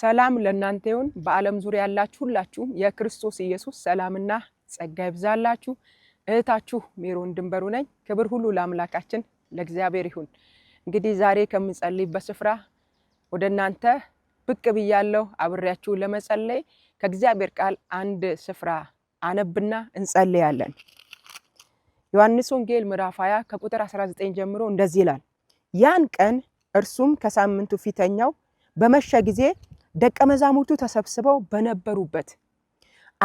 ሰላም ለእናንተ ይሁን። በዓለም ዙሪያ ያላችሁ ሁላችሁም የክርስቶስ ኢየሱስ ሰላምና ጸጋ ይብዛላችሁ። እህታችሁ ሜሮን ድንበሩ ነኝ። ክብር ሁሉ ለአምላካችን ለእግዚአብሔር ይሁን። እንግዲህ ዛሬ ከምንጸልይበት ስፍራ ወደ እናንተ ብቅ ብያለሁ፣ አብሬያችሁ ለመጸለይ ከእግዚአብሔር ቃል አንድ ስፍራ አነብና እንጸልያለን። ዮሐንስ ወንጌል ምዕራፍ 20 ከቁጥር 19 ጀምሮ እንደዚህ ይላል። ያን ቀን እርሱም ከሳምንቱ ፊተኛው በመሸ ጊዜ ደቀ መዛሙርቱ ተሰብስበው በነበሩበት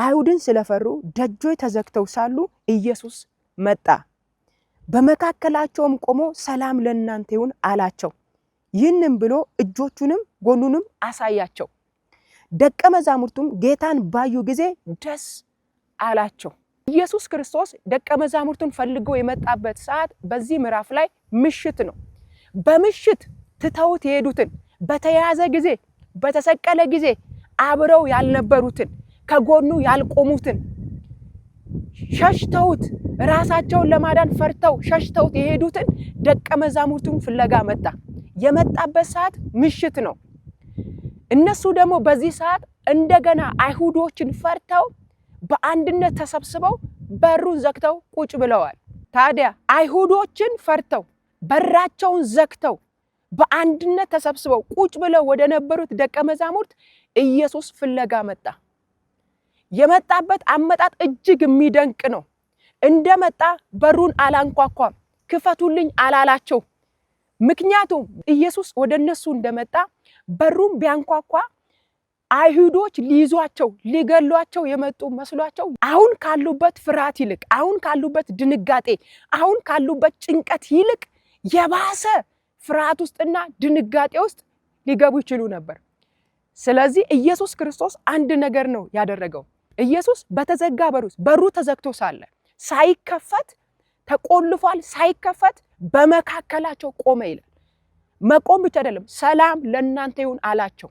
አይሁድን ስለፈሩ ደጆች ተዘግተው ሳሉ ኢየሱስ መጣ፣ በመካከላቸውም ቆሞ ሰላም ለእናንተ ይሁን አላቸው። ይህንም ብሎ እጆቹንም ጎኑንም አሳያቸው። ደቀ መዛሙርቱም ጌታን ባዩ ጊዜ ደስ አላቸው። ኢየሱስ ክርስቶስ ደቀ መዛሙርቱን ፈልጎ የመጣበት ሰዓት በዚህ ምዕራፍ ላይ ምሽት ነው። በምሽት ትተውት የሄዱትን በተያያዘ ጊዜ በተሰቀለ ጊዜ አብረው ያልነበሩትን ከጎኑ ያልቆሙትን ሸሽተውት ራሳቸውን ለማዳን ፈርተው ሸሽተውት የሄዱትን ደቀ መዛሙርቱን ፍለጋ መጣ። የመጣበት ሰዓት ምሽት ነው። እነሱ ደግሞ በዚህ ሰዓት እንደገና አይሁዶችን ፈርተው በአንድነት ተሰብስበው በሩን ዘግተው ቁጭ ብለዋል። ታዲያ አይሁዶችን ፈርተው በራቸውን ዘግተው በአንድነት ተሰብስበው ቁጭ ብለው ወደ ነበሩት ደቀ መዛሙርት ኢየሱስ ፍለጋ መጣ። የመጣበት አመጣጥ እጅግ የሚደንቅ ነው። እንደመጣ በሩን አላንኳኳም፣ ክፈቱልኝ አላላቸው። ምክንያቱም ኢየሱስ ወደ እነሱ እንደመጣ በሩን ቢያንኳኳ አይሁዶች ሊይዟቸው ሊገሏቸው የመጡ መስሏቸው አሁን ካሉበት ፍርሃት ይልቅ አሁን ካሉበት ድንጋጤ አሁን ካሉበት ጭንቀት ይልቅ የባሰ ፍርሃት ውስጥና ድንጋጤ ውስጥ ሊገቡ ይችሉ ነበር። ስለዚህ ኢየሱስ ክርስቶስ አንድ ነገር ነው ያደረገው። ኢየሱስ በተዘጋ በር ውስጥ በሩ ተዘግቶ ሳለ ሳይከፈት ተቆልፏል፣ ሳይከፈት በመካከላቸው ቆመ ይላል። መቆም ብቻ አይደለም፣ ሰላም ለእናንተ ይሁን አላቸው።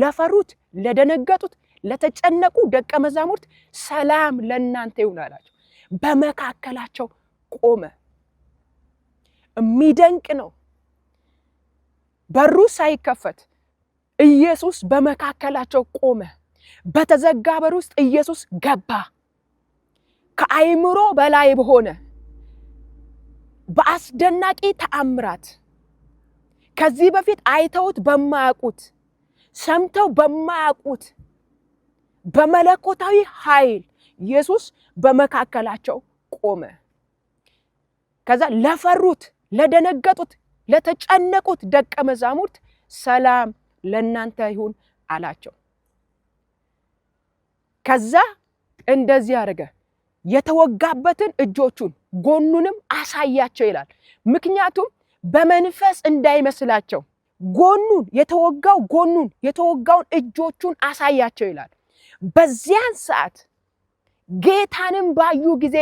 ለፈሩት፣ ለደነገጡት፣ ለተጨነቁ ደቀ መዛሙርት ሰላም ለእናንተ ይሁን አላቸው። በመካከላቸው ቆመ። የሚደንቅ ነው። በሩ ሳይከፈት ኢየሱስ በመካከላቸው ቆመ። በተዘጋ በር ውስጥ ኢየሱስ ገባ። ከአይምሮ በላይ በሆነ በአስደናቂ ተአምራት ከዚህ በፊት አይተውት በማያውቁት ሰምተው በማያውቁት በመለኮታዊ ኃይል ኢየሱስ በመካከላቸው ቆመ። ከዛ ለፈሩት ለደነገጡት ለተጨነቁት ደቀ መዛሙርት ሰላም ለእናንተ ይሁን አላቸው። ከዛ እንደዚህ አደረገ፣ የተወጋበትን እጆቹን ጎኑንም አሳያቸው ይላል። ምክንያቱም በመንፈስ እንዳይመስላቸው ጎኑን የተወጋው ጎኑን የተወጋውን እጆቹን አሳያቸው ይላል። በዚያን ሰዓት ጌታንም ባዩ ጊዜ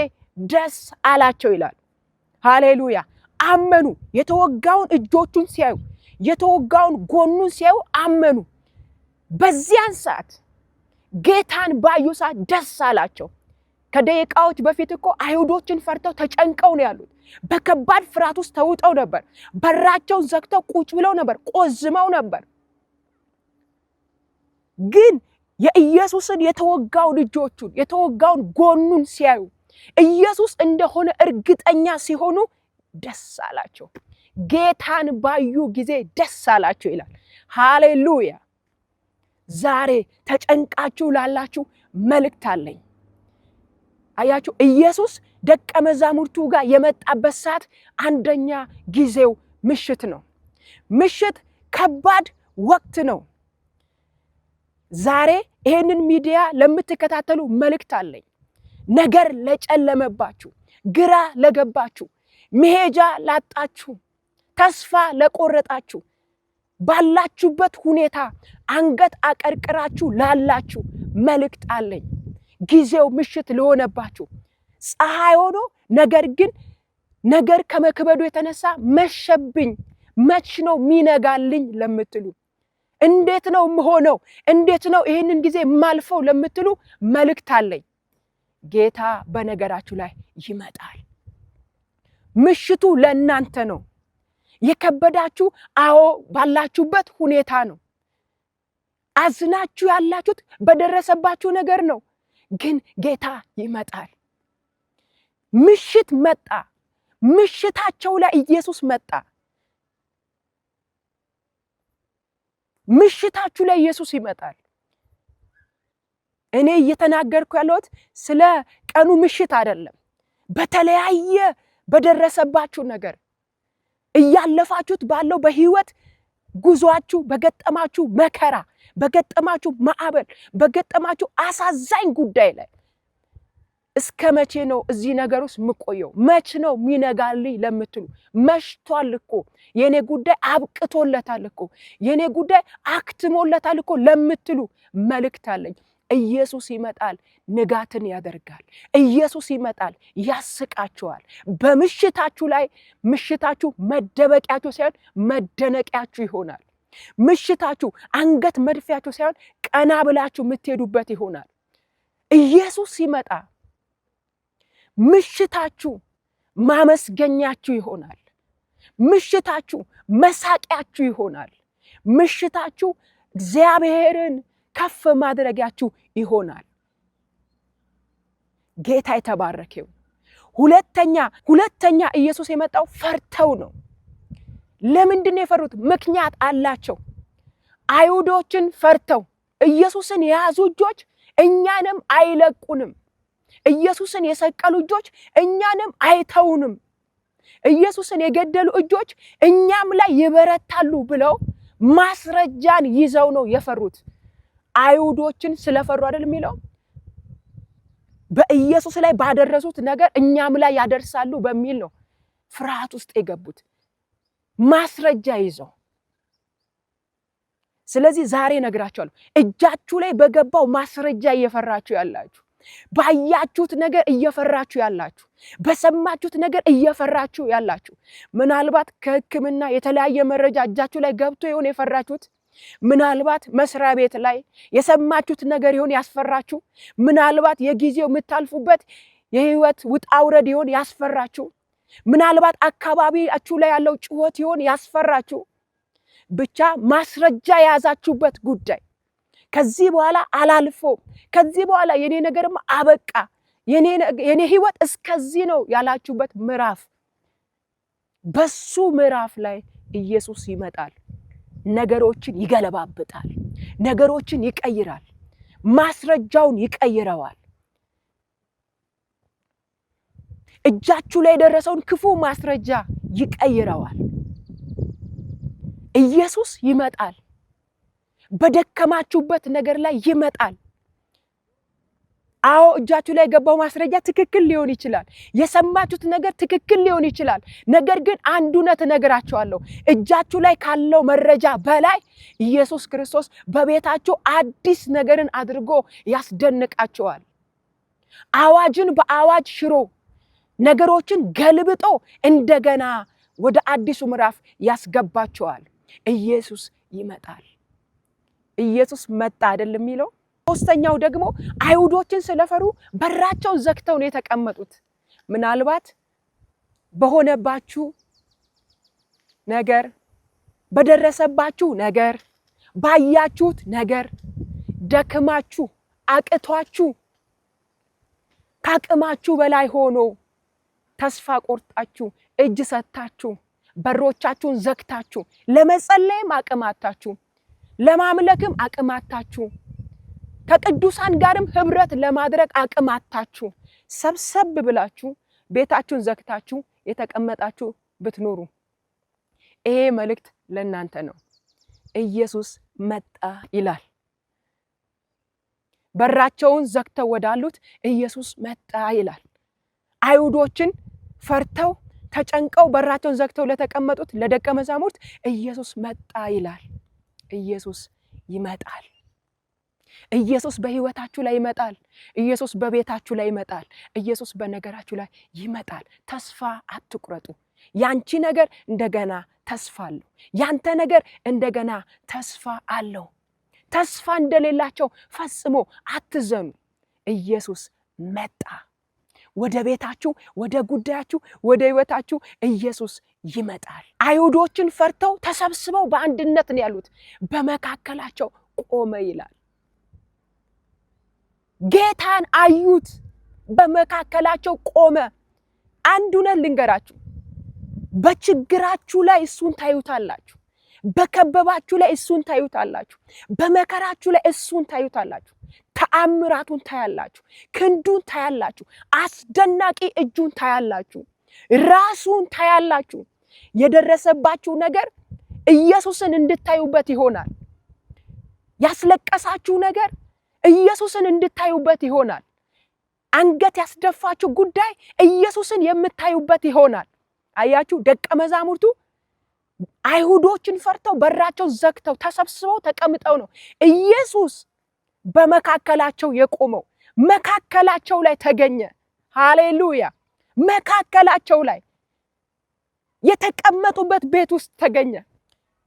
ደስ አላቸው ይላል። ሃሌሉያ አመኑ። የተወጋውን እጆቹን ሲያዩ፣ የተወጋውን ጎኑን ሲያዩ አመኑ። በዚያን ሰዓት ጌታን ባዩ ሰዓት ደስ አላቸው። ከደቂቃዎች በፊት እኮ አይሁዶችን ፈርተው ተጨንቀው ነው ያሉት። በከባድ ፍርሃት ውስጥ ተውጠው ነበር። በራቸውን ዘግተው ቁጭ ብለው ነበር፣ ቆዝመው ነበር። ግን የኢየሱስን የተወጋውን እጆቹን የተወጋውን ጎኑን ሲያዩ ኢየሱስ እንደሆነ እርግጠኛ ሲሆኑ ደስ አላቸው፣ ጌታን ባዩ ጊዜ ደስ አላቸው ይላል። ሃሌሉያ! ዛሬ ተጨንቃችሁ ላላችሁ መልእክት አለኝ። አያችሁ ኢየሱስ ደቀ መዛሙርቱ ጋር የመጣበት ሰዓት አንደኛ ጊዜው ምሽት ነው። ምሽት ከባድ ወቅት ነው። ዛሬ ይህንን ሚዲያ ለምትከታተሉ መልእክት አለኝ። ነገር ለጨለመባችሁ፣ ግራ ለገባችሁ መሄጃ ላጣችሁ፣ ተስፋ ለቆረጣችሁ፣ ባላችሁበት ሁኔታ አንገት አቀርቅራችሁ ላላችሁ መልእክት አለኝ። ጊዜው ምሽት ለሆነባችሁ ፀሐይ ሆኖ ነገር ግን ነገር ከመክበዱ የተነሳ መሸብኝ፣ መች ነው ሚነጋልኝ ለምትሉ፣ እንዴት ነው የምሆነው፣ እንዴት ነው ይህንን ጊዜ ማልፈው ለምትሉ መልእክት አለኝ። ጌታ በነገራችሁ ላይ ይመጣል። ምሽቱ ለእናንተ ነው። የከበዳችሁ አዎ፣ ባላችሁበት ሁኔታ ነው። አዝናችሁ ያላችሁት በደረሰባችሁ ነገር ነው። ግን ጌታ ይመጣል። ምሽት መጣ። ምሽታቸው ላይ ኢየሱስ መጣ። ምሽታችሁ ላይ ኢየሱስ ይመጣል። እኔ እየተናገርኩ ያለሁት ስለ ቀኑ ምሽት አይደለም። በተለያየ በደረሰባችሁ ነገር እያለፋችሁት ባለው በህይወት ጉዟችሁ በገጠማችሁ መከራ፣ በገጠማችሁ ማዕበል፣ በገጠማችሁ አሳዛኝ ጉዳይ ላይ እስከ መቼ ነው እዚህ ነገር ውስጥ ምቆየው? መች ነው ሚነጋልኝ ለምትሉ መሽቷል እኮ የኔ ጉዳይ አብቅቶለታል እኮ የእኔ ጉዳይ አክትሞለታል እኮ ለምትሉ መልእክት አለኝ። ኢየሱስ ይመጣል፣ ንጋትን ያደርጋል። ኢየሱስ ይመጣል፣ ያስቃችኋል። በምሽታችሁ ላይ ምሽታችሁ መደበቂያችሁ ሳይሆን መደነቂያችሁ ይሆናል። ምሽታችሁ አንገት መድፊያችሁ ሳይሆን ቀና ብላችሁ የምትሄዱበት ይሆናል። ኢየሱስ ሲመጣ ምሽታችሁ ማመስገኛችሁ ይሆናል። ምሽታችሁ መሳቂያችሁ ይሆናል። ምሽታችሁ እግዚአብሔርን ከፍ ማድረጊያችሁ ይሆናል። ጌታ የተባረከው። ሁለተኛ ሁለተኛ ኢየሱስ የመጣው ፈርተው ነው። ለምንድን ነው የፈሩት? ምክንያት አላቸው። አይሁዶችን ፈርተው ኢየሱስን የያዙ እጆች እኛንም አይለቁንም፣ ኢየሱስን የሰቀሉ እጆች እኛንም አይተውንም፣ ኢየሱስን የገደሉ እጆች እኛም ላይ ይበረታሉ ብለው ማስረጃን ይዘው ነው የፈሩት። አይሁዶችን ስለፈሩ አይደል የሚለው በኢየሱስ ላይ ባደረሱት ነገር እኛም ላይ ያደርሳሉ በሚል ነው ፍርሃት ውስጥ የገቡት ማስረጃ ይዘው። ስለዚህ ዛሬ እነግራችኋለሁ፣ እጃችሁ ላይ በገባው ማስረጃ እየፈራችሁ ያላችሁ፣ ባያችሁት ነገር እየፈራችሁ ያላችሁ፣ በሰማችሁት ነገር እየፈራችሁ ያላችሁ፣ ምናልባት ከሕክምና የተለያየ መረጃ እጃችሁ ላይ ገብቶ ይሆን የፈራችሁት? ምናልባት መስሪያ ቤት ላይ የሰማችሁት ነገር ይሆን ያስፈራችሁ። ምናልባት የጊዜው የምታልፉበት የህይወት ውጣውረድ ይሆን ያስፈራችሁ። ምናልባት አካባቢያችሁ ላይ ያለው ጩኸት ይሆን ያስፈራችሁ። ብቻ ማስረጃ የያዛችሁበት ጉዳይ ከዚህ በኋላ አላልፎም፣ ከዚህ በኋላ የኔ ነገርም አበቃ፣ የኔ ህይወት እስከዚህ ነው ያላችሁበት ምዕራፍ፣ በሱ ምዕራፍ ላይ ኢየሱስ ይመጣል። ነገሮችን ይገለባብጣል፣ ነገሮችን ይቀይራል፣ ማስረጃውን ይቀይረዋል። እጃችሁ ላይ የደረሰውን ክፉ ማስረጃ ይቀይረዋል። ኢየሱስ ይመጣል። በደከማችሁበት ነገር ላይ ይመጣል። አዎ እጃችሁ ላይ የገባው ማስረጃ ትክክል ሊሆን ይችላል። የሰማችሁት ነገር ትክክል ሊሆን ይችላል። ነገር ግን አንድ እውነት እነግራችኋለሁ፣ እጃችሁ ላይ ካለው መረጃ በላይ ኢየሱስ ክርስቶስ በቤታችሁ አዲስ ነገርን አድርጎ ያስደንቃችኋል። አዋጅን በአዋጅ ሽሮ ነገሮችን ገልብጦ እንደገና ወደ አዲሱ ምዕራፍ ያስገባችኋል። ኢየሱስ ይመጣል። ኢየሱስ መጣ አይደል የሚለው ሶስተኛው ደግሞ አይሁዶችን ስለፈሩ በራቸው ዘግተው ነው የተቀመጡት። ምናልባት በሆነባችሁ ነገር፣ በደረሰባችሁ ነገር፣ ባያችሁት ነገር ደክማችሁ አቅቷችሁ ከአቅማችሁ በላይ ሆኖ ተስፋ ቆርጣችሁ እጅ ሰጥታችሁ በሮቻችሁን ዘግታችሁ ለመጸለይም አቅማታችሁ ለማምለክም አቅማታችሁ ከቅዱሳን ጋርም ህብረት ለማድረግ አቅም አታችሁ ሰብሰብ ብላችሁ ቤታችሁን ዘግታችሁ የተቀመጣችሁ ብትኖሩ ይሄ መልእክት ለእናንተ ነው። ኢየሱስ መጣ ይላል። በራቸውን ዘግተው ወዳሉት ኢየሱስ መጣ ይላል። አይሁዶችን ፈርተው ተጨንቀው በራቸውን ዘግተው ለተቀመጡት ለደቀ መዛሙርት ኢየሱስ መጣ ይላል። ኢየሱስ ይመጣል። ኢየሱስ በህይወታችሁ ላይ ይመጣል። ኢየሱስ በቤታችሁ ላይ ይመጣል። ኢየሱስ በነገራችሁ ላይ ይመጣል። ተስፋ አትቁረጡ። ያንቺ ነገር እንደገና ተስፋ አለው። ያንተ ነገር እንደገና ተስፋ አለው። ተስፋ እንደሌላቸው ፈጽሞ አትዘኑ። ኢየሱስ መጣ። ወደ ቤታችሁ፣ ወደ ጉዳያችሁ፣ ወደ ህይወታችሁ ኢየሱስ ይመጣል። አይሁዶችን ፈርተው ተሰብስበው በአንድነት ነው ያሉት። በመካከላቸው ቆመ ይላል። ጌታን አዩት፣ በመካከላቸው ቆመ። አንድ እውነት ልንገራችሁ፣ በችግራችሁ ላይ እሱን ታዩታላችሁ፣ በከበባችሁ ላይ እሱን ታዩታላችሁ፣ በመከራችሁ ላይ እሱን ታዩታላችሁ። ተአምራቱን ታያላችሁ፣ ክንዱን ታያላችሁ፣ አስደናቂ እጁን ታያላችሁ፣ ራሱን ታያላችሁ። የደረሰባችሁ ነገር ኢየሱስን እንድታዩበት ይሆናል። ያስለቀሳችሁ ነገር ኢየሱስን እንድታዩበት ይሆናል። አንገት ያስደፋችሁ ጉዳይ ኢየሱስን የምታዩበት ይሆናል። አያችሁ፣ ደቀ መዛሙርቱ አይሁዶችን ፈርተው በራቸው ዘግተው ተሰብስበው ተቀምጠው ነው ኢየሱስ በመካከላቸው የቆመው። መካከላቸው ላይ ተገኘ። ሃሌሉያ! መካከላቸው ላይ የተቀመጡበት ቤት ውስጥ ተገኘ።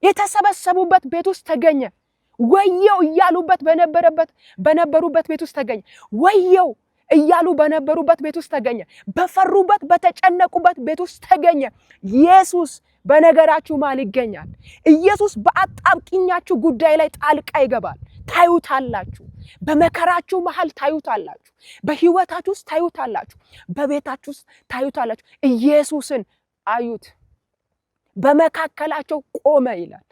የተሰበሰቡበት ቤት ውስጥ ተገኘ። ወየው እያሉበት በነበረበት በነበሩበት ቤት ውስጥ ተገኘ። ወየው እያሉ በነበሩበት ቤት ውስጥ ተገኘ። በፈሩበት በተጨነቁበት ቤት ውስጥ ተገኘ። ኢየሱስ በነገራችሁ መሃል ይገኛል። ኢየሱስ በአጣብቂኛችሁ ጉዳይ ላይ ጣልቃ ይገባል። ታዩታላችሁ። በመከራችሁ መሃል ታዩታላችሁ። በህይወታችሁ ውስጥ ታዩታላችሁ። በቤታችሁ ውስጥ ታዩታላችሁ። ኢየሱስን አዩት፣ በመካከላቸው ቆመ ይላል።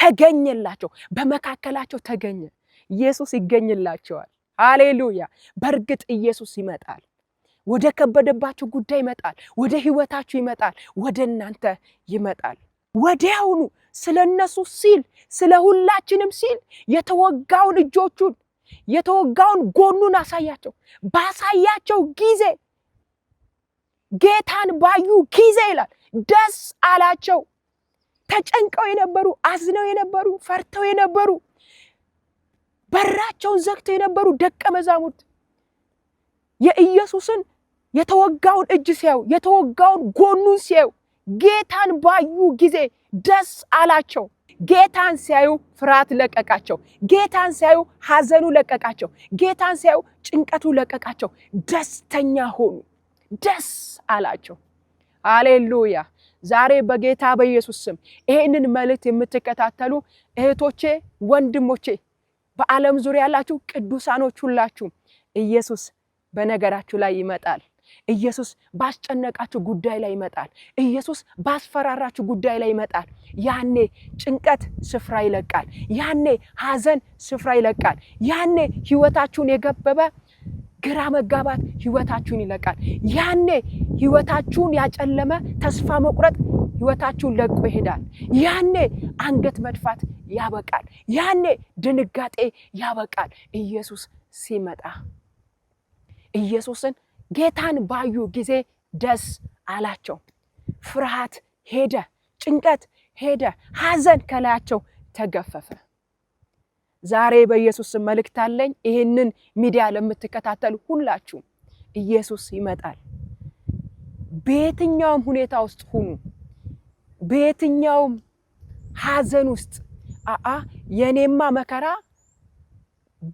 ተገኘላቸው፣ በመካከላቸው ተገኘ። ኢየሱስ ይገኝላቸዋል። አሌሉያ! በእርግጥ ኢየሱስ ይመጣል። ወደ ከበደባችሁ ጉዳይ ይመጣል። ወደ ህይወታችሁ ይመጣል። ወደ እናንተ ይመጣል። ወዲያውኑ ስለ እነሱ ሲል ስለ ሁላችንም ሲል የተወጋውን እጆቹን የተወጋውን ጎኑን አሳያቸው። ባሳያቸው ጊዜ ጌታን ባዩ ጊዜ ይላል ደስ አላቸው። ተጨንቀው የነበሩ አዝነው የነበሩ ፈርተው የነበሩ በራቸውን ዘግተው የነበሩ ደቀ መዛሙርት የኢየሱስን የተወጋውን እጅ ሲያዩ የተወጋውን ጎኑን ሲያዩ ጌታን ባዩ ጊዜ ደስ አላቸው። ጌታን ሲያዩ ፍርሃት ለቀቃቸው። ጌታን ሲያዩ ሐዘኑ ለቀቃቸው። ጌታን ሲያዩ ጭንቀቱ ለቀቃቸው። ደስተኛ ሆኑ፣ ደስ አላቸው። አሌሉያ ዛሬ በጌታ በኢየሱስ ስም ይሄንን መልእክት የምትከታተሉ እህቶቼ፣ ወንድሞቼ በዓለም ዙሪያ ያላችሁ ቅዱሳኖች ሁላችሁ ኢየሱስ በነገራችሁ ላይ ይመጣል። ኢየሱስ ባስጨነቃችሁ ጉዳይ ላይ ይመጣል። ኢየሱስ ባስፈራራችሁ ጉዳይ ላይ ይመጣል። ያኔ ጭንቀት ስፍራ ይለቃል። ያኔ ሐዘን ስፍራ ይለቃል። ያኔ ሕይወታችሁን የገበበ ግራ መጋባት ህይወታችሁን ይለቃል። ያኔ ህይወታችሁን ያጨለመ ተስፋ መቁረጥ ህይወታችሁን ለቆ ይሄዳል። ያኔ አንገት መድፋት ያበቃል። ያኔ ድንጋጤ ያበቃል። ኢየሱስ ሲመጣ ኢየሱስን ጌታን ባዩ ጊዜ ደስ አላቸው። ፍርሃት ሄደ፣ ጭንቀት ሄደ፣ ሐዘን ከላያቸው ተገፈፈ። ዛሬ በኢየሱስ መልእክት አለኝ። ይህንን ሚዲያ ለምትከታተሉ ሁላችሁም ኢየሱስ ይመጣል። በየትኛውም ሁኔታ ውስጥ ሁኑ፣ በየትኛውም ሀዘን ውስጥ አአ የኔማ መከራ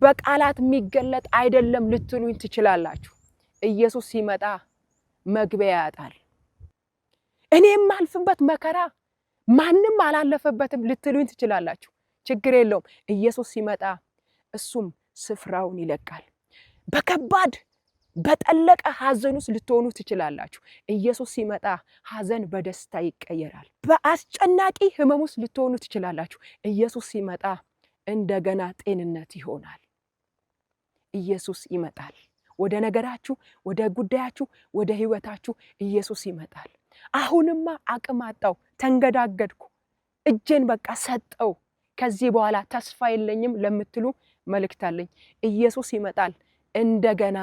በቃላት የሚገለጥ አይደለም ልትሉኝ ትችላላችሁ። ኢየሱስ ሲመጣ መግቢያ ያጣል። እኔ የማልፍበት መከራ ማንም አላለፈበትም ልትሉኝ ትችላላችሁ። ችግር የለውም። ኢየሱስ ሲመጣ እሱም ስፍራውን ይለቃል። በከባድ በጠለቀ ሐዘን ውስጥ ልትሆኑ ትችላላችሁ። ኢየሱስ ሲመጣ ሐዘን በደስታ ይቀየራል። በአስጨናቂ ህመም ውስጥ ልትሆኑ ትችላላችሁ። ኢየሱስ ሲመጣ እንደገና ጤንነት ይሆናል። ኢየሱስ ይመጣል። ወደ ነገራችሁ፣ ወደ ጉዳያችሁ፣ ወደ ህይወታችሁ ኢየሱስ ይመጣል። አሁንማ አቅም አጣው፣ ተንገዳገድኩ፣ እጄን በቃ ሰጠው ከዚህ በኋላ ተስፋ የለኝም ለምትሉ መልእክት አለኝ። ኢየሱስ ይመጣል፣ እንደገና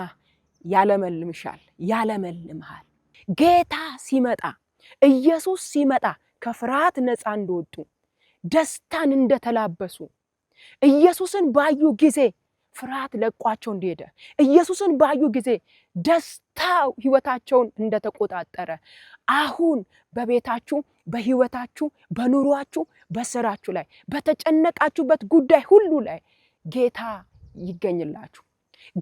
ያለመልምሻል፣ ያለመልምሃል። ጌታ ሲመጣ፣ ኢየሱስ ሲመጣ ከፍርሃት ነፃ እንደወጡ ደስታን እንደተላበሱ ኢየሱስን ባዩ ጊዜ ፍርሃት ለቋቸው እንደሄደ ኢየሱስን ባዩ ጊዜ ደስታ ህይወታቸውን እንደተቆጣጠረ አሁን በቤታችሁ፣ በህይወታችሁ፣ በኑሯችሁ፣ በስራችሁ ላይ በተጨነቃችሁበት ጉዳይ ሁሉ ላይ ጌታ ይገኝላችሁ።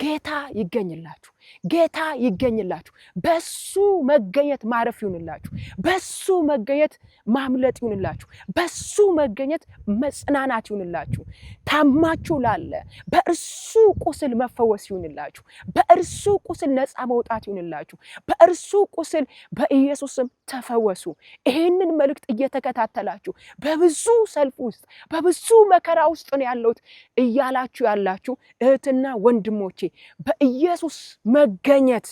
ጌታ ይገኝላችሁ። ጌታ ይገኝላችሁ። በሱ መገኘት ማረፍ ይሁንላችሁ። በሱ መገኘት ማምለጥ ይሁንላችሁ። በሱ መገኘት መጽናናት ይሁንላችሁ። ታማችሁ ላለ በእርሱ ቁስል መፈወስ ይሁንላችሁ። በእርሱ ቁስል ነፃ መውጣት ይሁንላችሁ። በእርሱ ቁስል በኢየሱስም ተፈወሱ። ይህንን መልእክት እየተከታተላችሁ በብዙ ሰልፍ ውስጥ በብዙ መከራ ውስጥ ነው ያለሁት እያላችሁ ያላችሁ እህትና ወንድሞቼ በኢየሱስ መገኘት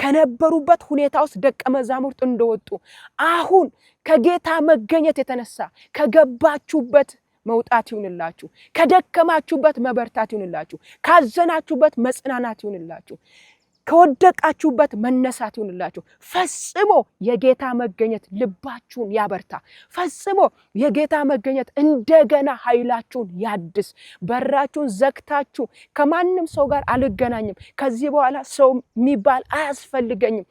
ከነበሩበት ሁኔታ ውስጥ ደቀ መዛሙርት እንደወጡ አሁን ከጌታ መገኘት የተነሳ ከገባችሁበት መውጣት ይሁንላችሁ፣ ከደከማችሁበት መበርታት ይሁንላችሁ፣ ካዘናችሁበት መጽናናት ይሁንላችሁ። ከወደቃችሁበት መነሳት ይሁንላችሁ። ፈጽሞ የጌታ መገኘት ልባችሁን ያበርታ። ፈጽሞ የጌታ መገኘት እንደገና ኃይላችሁን ያድስ። በራችሁን ዘግታችሁ ከማንም ሰው ጋር አልገናኝም፣ ከዚህ በኋላ ሰው የሚባል አያስፈልገኝም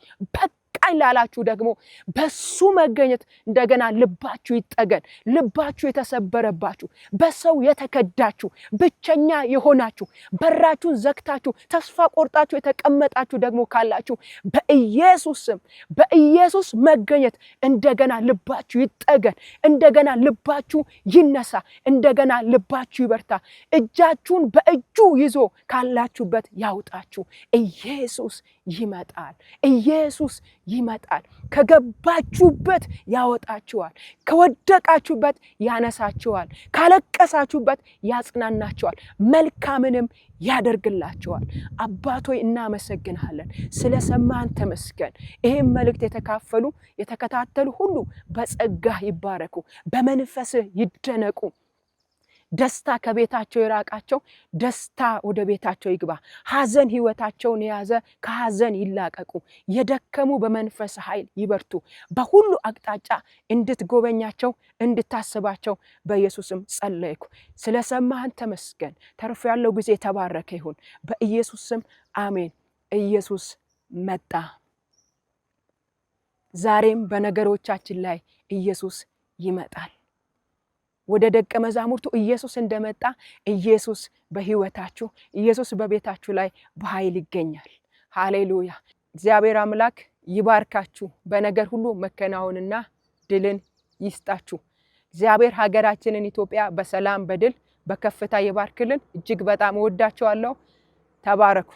በቃኝ ላላችሁ ደግሞ በሱ መገኘት እንደገና ልባችሁ ይጠገን። ልባችሁ የተሰበረባችሁ፣ በሰው የተከዳችሁ፣ ብቸኛ የሆናችሁ፣ በራችሁን ዘግታችሁ ተስፋ ቆርጣችሁ የተቀመጣችሁ ደግሞ ካላችሁ በኢየሱስ ስም በኢየሱስ መገኘት እንደገና ልባችሁ ይጠገን። እንደገና ልባችሁ ይነሳ። እንደገና ልባችሁ ይበርታ። እጃችሁን በእጁ ይዞ ካላችሁበት ያውጣችሁ። ኢየሱስ ይመጣል። ኢየሱስ ይመጣል። ከገባችሁበት ያወጣችኋል። ከወደቃችሁበት ያነሳችኋል። ካለቀሳችሁበት ያጽናናችኋል። መልካምንም ያደርግላችኋል። አባቶ እናመሰግንሃለን፣ ስለሰማን ተመስገን። ይህም መልእክት የተካፈሉ የተከታተሉ ሁሉ በጸጋህ ይባረኩ፣ በመንፈስህ ይደነቁ። ደስታ ከቤታቸው የራቃቸው ደስታ ወደ ቤታቸው ይግባ። ሐዘን ህይወታቸውን የያዘ ከሐዘን ይላቀቁ። የደከሙ በመንፈስ ኃይል ይበርቱ። በሁሉ አቅጣጫ እንድትጎበኛቸው እንድታስባቸው በኢየሱስም ጸለይኩ። ስለሰማህን ተመስገን። ተርፎ ያለው ጊዜ የተባረከ ይሁን። በኢየሱስ ስም አሜን። ኢየሱስ መጣ። ዛሬም በነገሮቻችን ላይ ኢየሱስ ይመጣል። ወደ ደቀ መዛሙርቱ ኢየሱስ እንደመጣ ኢየሱስ በህይወታችሁ ኢየሱስ በቤታችሁ ላይ በኃይል ይገኛል። ሃሌሉያ! እግዚአብሔር አምላክ ይባርካችሁ፣ በነገር ሁሉ መከናወንና ድልን ይስጣችሁ። እግዚአብሔር ሀገራችንን ኢትዮጵያ በሰላም በድል በከፍታ ይባርክልን። እጅግ በጣም እወዳችኋለሁ። ተባረኩ።